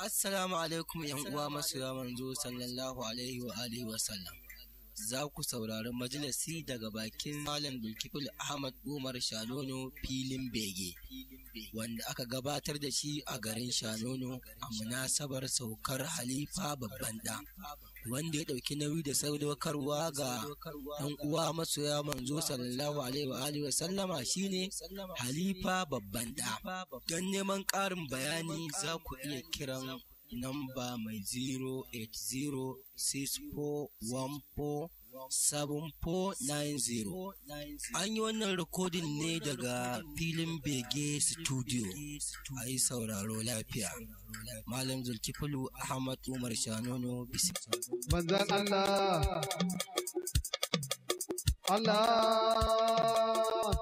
Assalamu alaikum ‘yan uwa masoya manzo sallallahu alaihi wa alihi wa sallam. Za ku saurari majalisi daga bakin Malam Bilkifil Ahmad Umar Shanono filin bege, wanda aka gabatar da shi a garin Shanono a munasabar saukar Halifa babban ɗan. wanda ya ɗauki nauyi da sadaukarwa ga ɗan uwa masoya manzo sallallahu alaihi wa alihi wa sallama shine halifa babban da don neman ƙarin bayani za ku iya kiran namba mai 0806414 7490 an yi wannan rikodin ne daga filin bege studio a yi sauraro lafiya malam zulkifilu ahmad umar shanono bisi manzan allah allah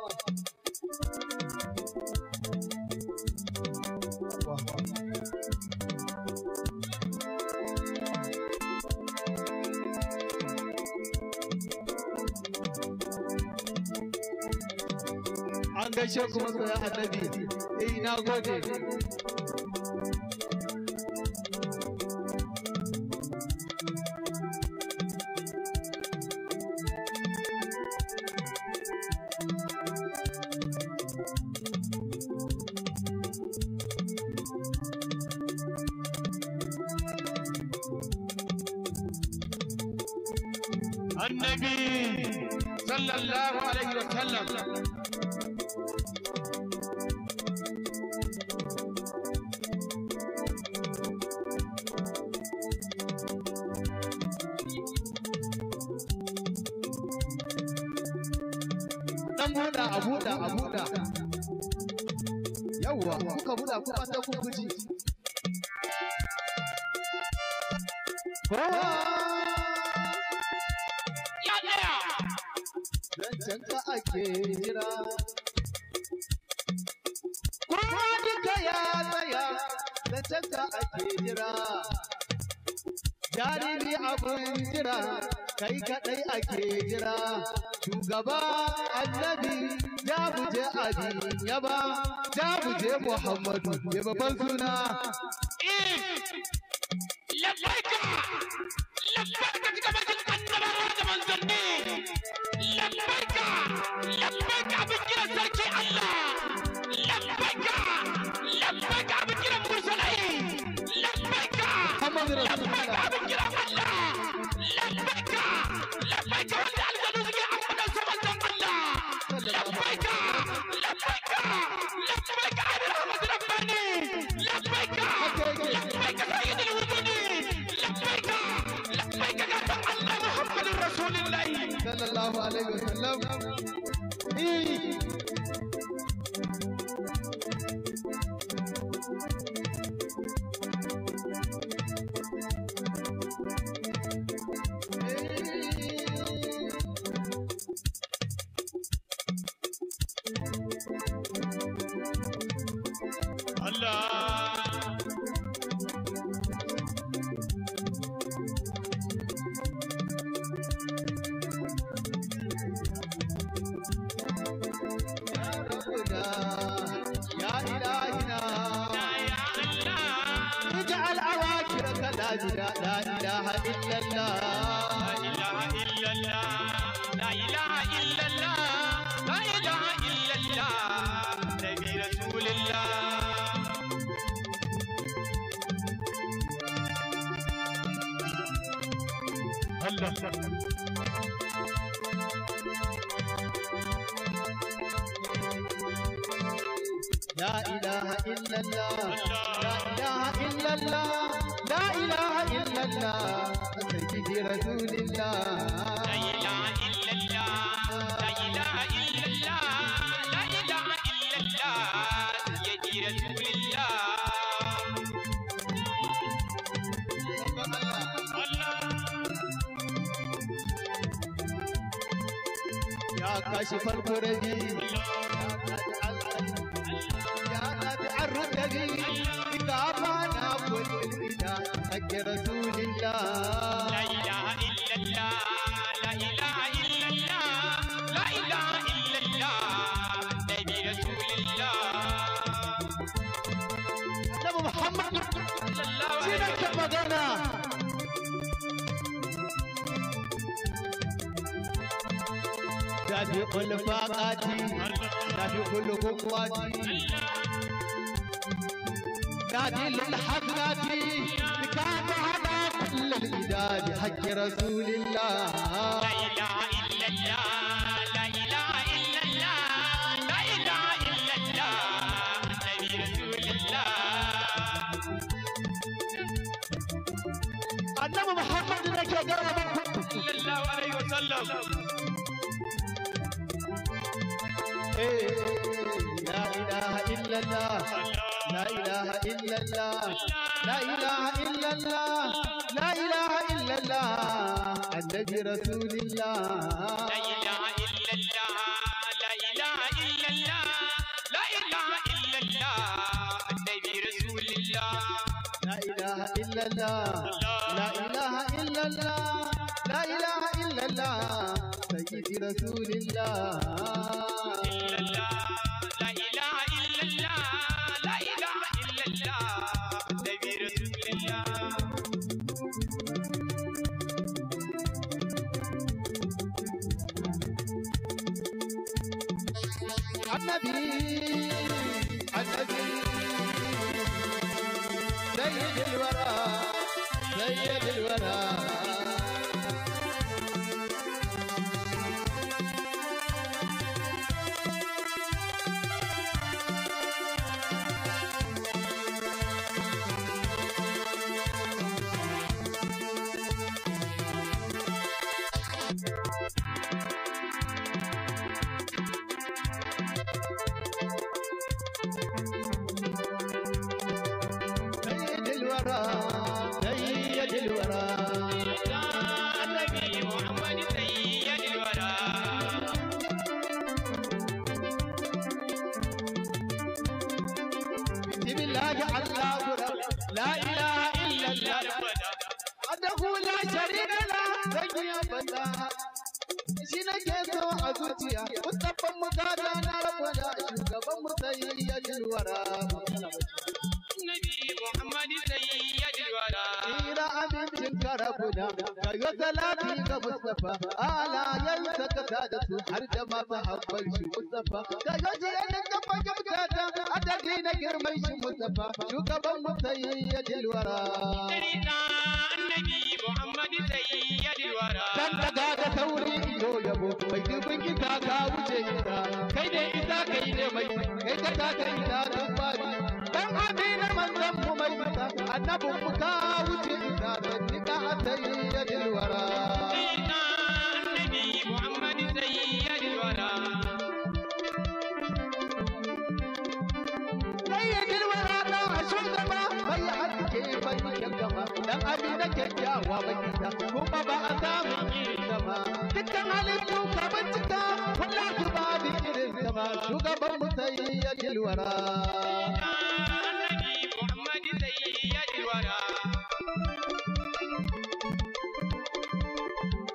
gaishe ku masoya annabi eh na gode Annabi sallallahu alaihi wa sallam Muhammadu ya babban suna. Labbaika! Labbaika cika bakin annabawa da manzanni! Labbaika! Labbaika abin kiran sarki Allah! Labbaika! Labbaika abin kiran mursalai! Labbaika! Labbaika! لا إله إلا الله لا إله إلا الله لا إله إلا الله سيدي رسول الله لا إله إلا الله لا إله إلا الله لا إله إلا الله سيدي رسول الله يا كاشف الكربي حج رسول الله لا إله إلا الله لا إله إلا الله لا إله إلا الله نبي رسول الله نبي محمد صلى الله عليه وسلم ربيع الفاقات ربيع القوات نادي للحب نادي كان على كل الجداد حق رسول الله لا اله الا الله لا اله الا الله لا اله الا الله النبي رسول الله النبي محمد صلى الله عليه وسلم إيه، لا اله الا الله illallah la ilaha illallah la ilaha illallah annabi rasulillah la ilaha illallah la ilaha illallah la ilaha illallah annabi rasulillah la ilaha illallah la ilaha illallah la ilaha illallah sayyidi rasul Mustapha ala yansa ka da su har da masu habbar shi Mustapha Sarkin halittu ka bincika wallahi babu irin zama shugaban mu ya kilwara.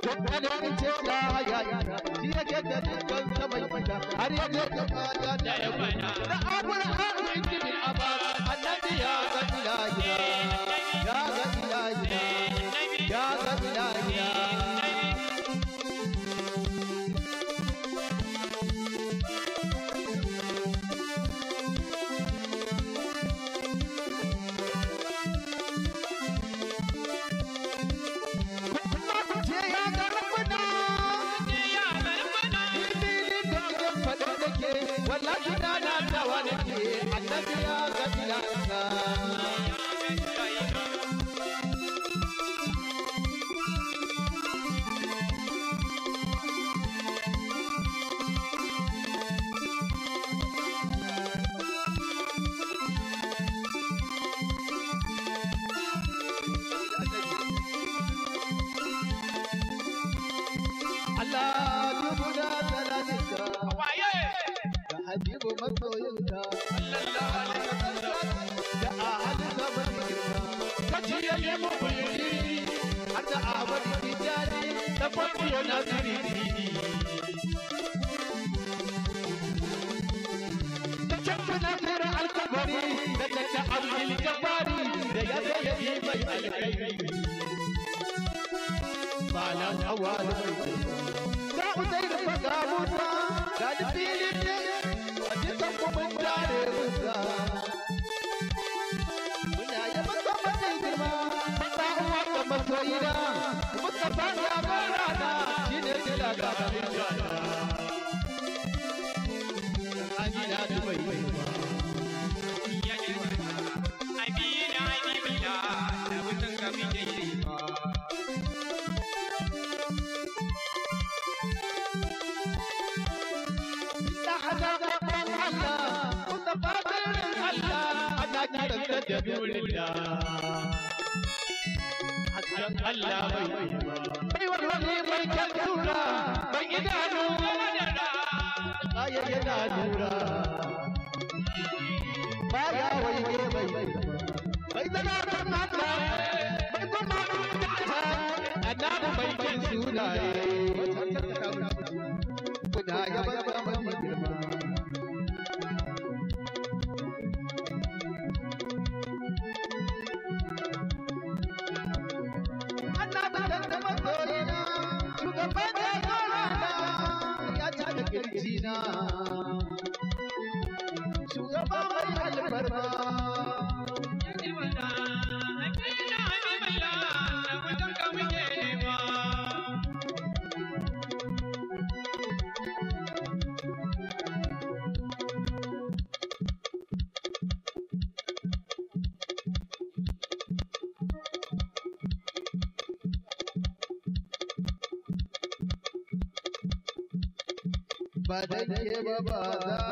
Kwanar ce ya yaya, ji yake da dukkan saman gida, har yake da fata da All right. budaye budaye madake ba ba za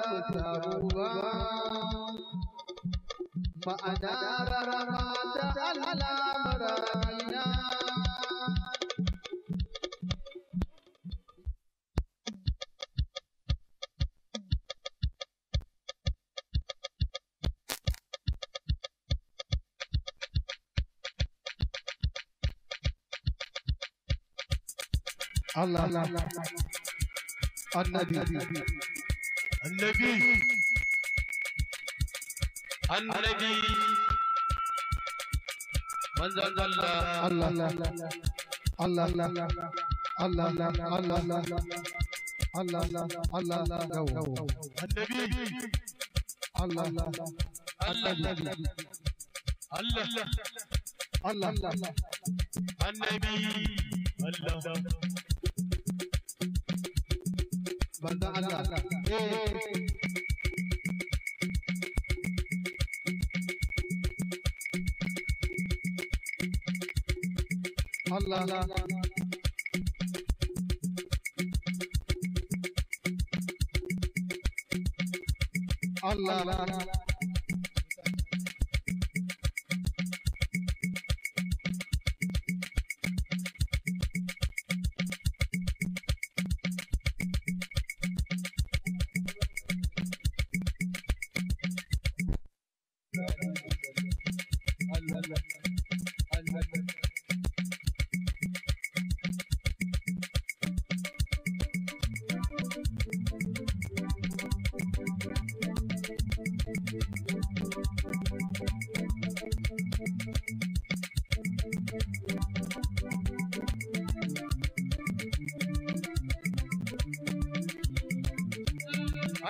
mu samu ba ma'ana rarama Allah Allah, Allah. النبي النبي النبي من ذا الله الله الله الله الله الله الله الله الله الله الله النبي الله الله النبي الله الله الله النبي الله banda Allah Allah Allah Allah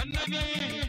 النبي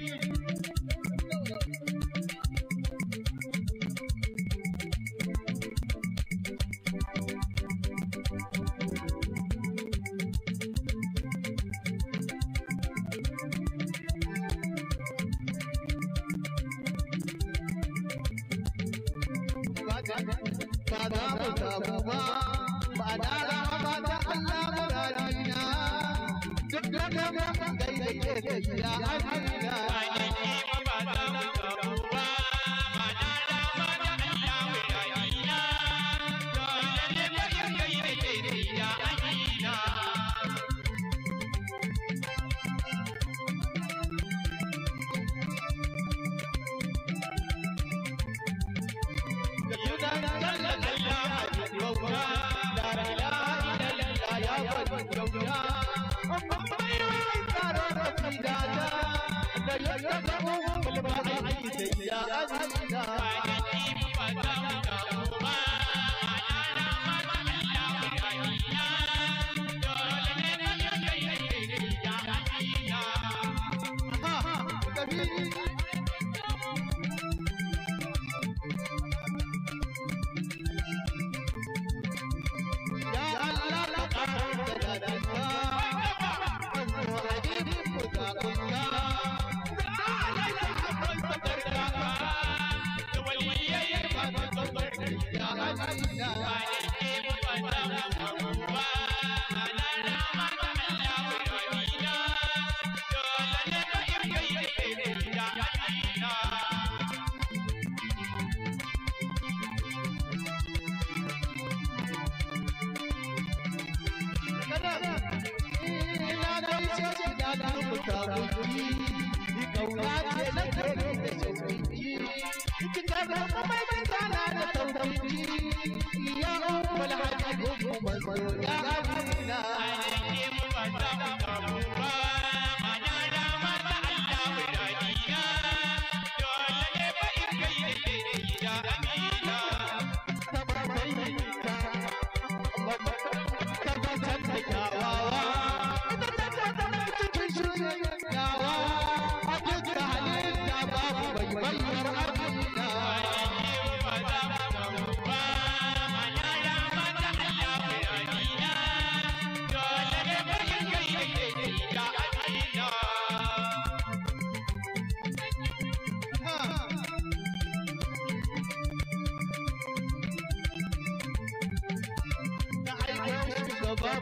Baba,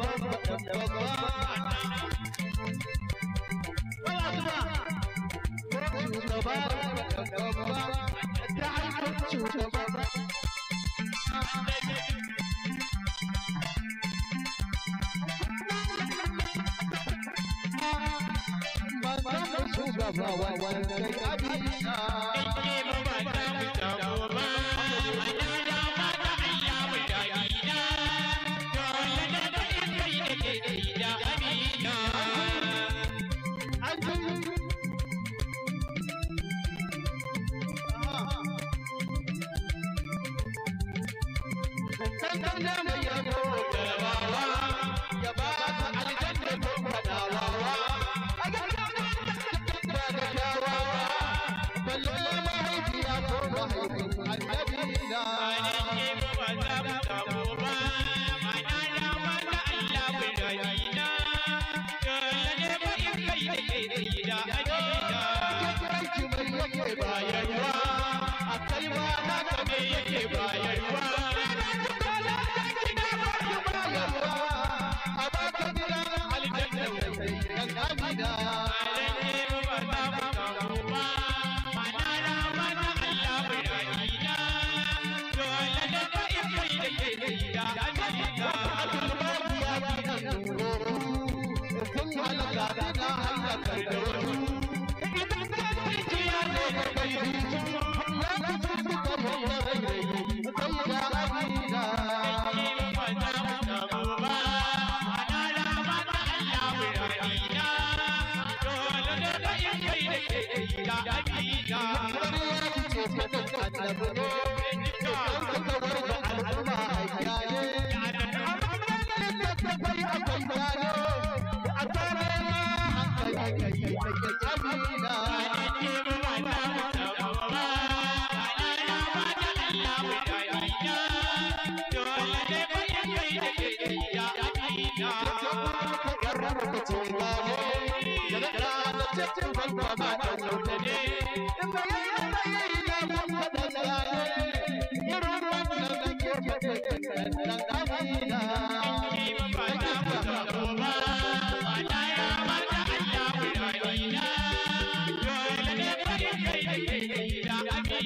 one day I'll be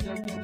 Thank you.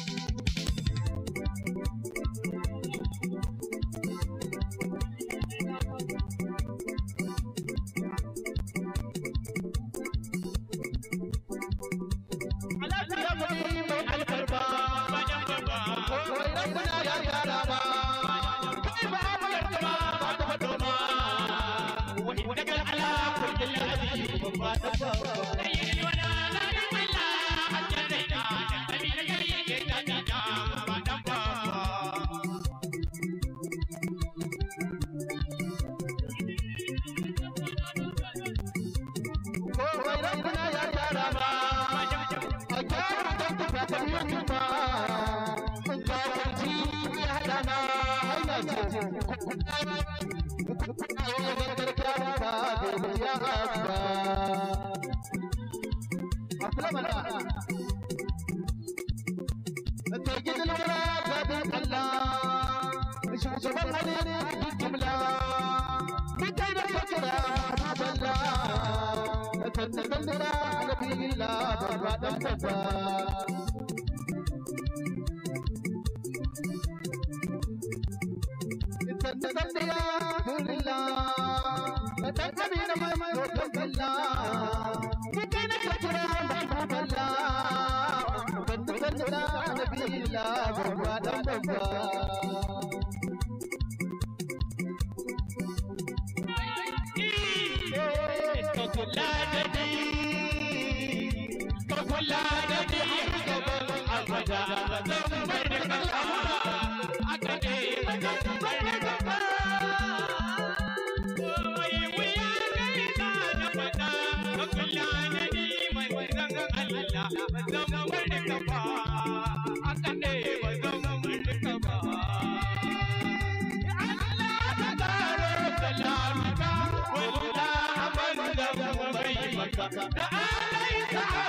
da alaika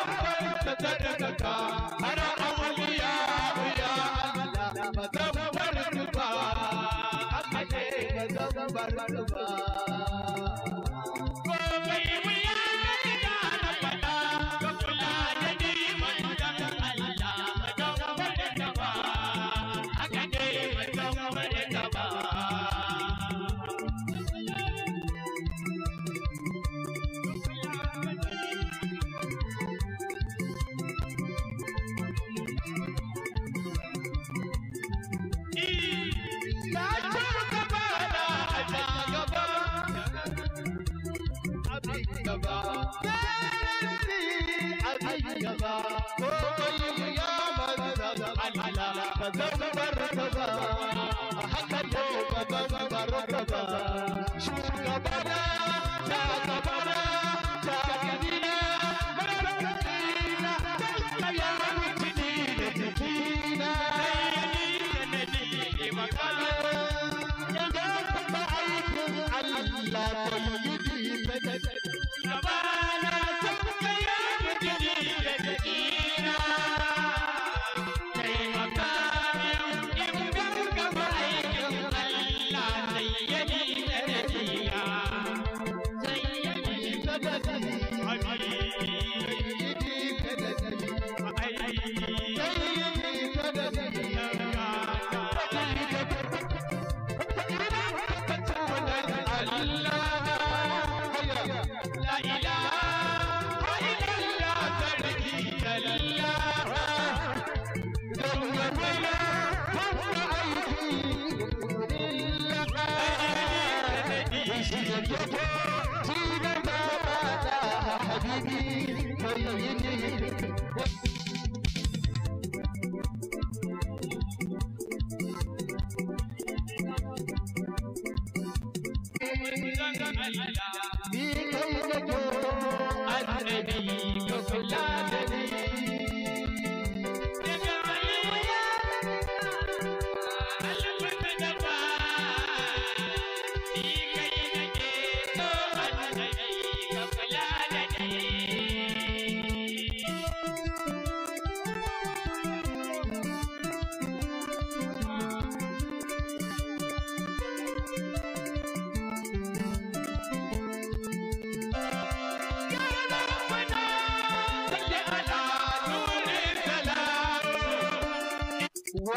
an farka I Come on,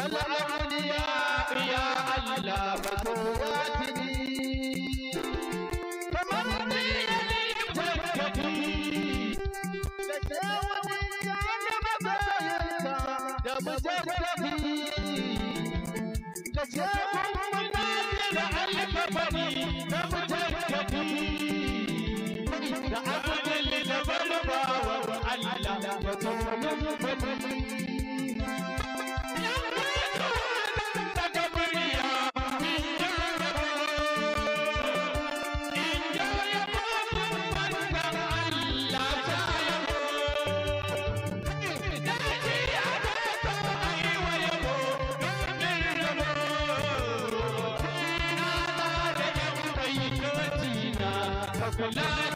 I'm Lama Love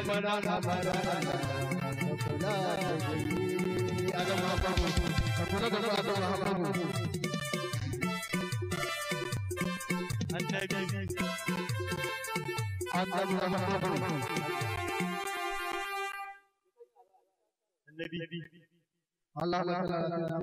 Allah Allah Allah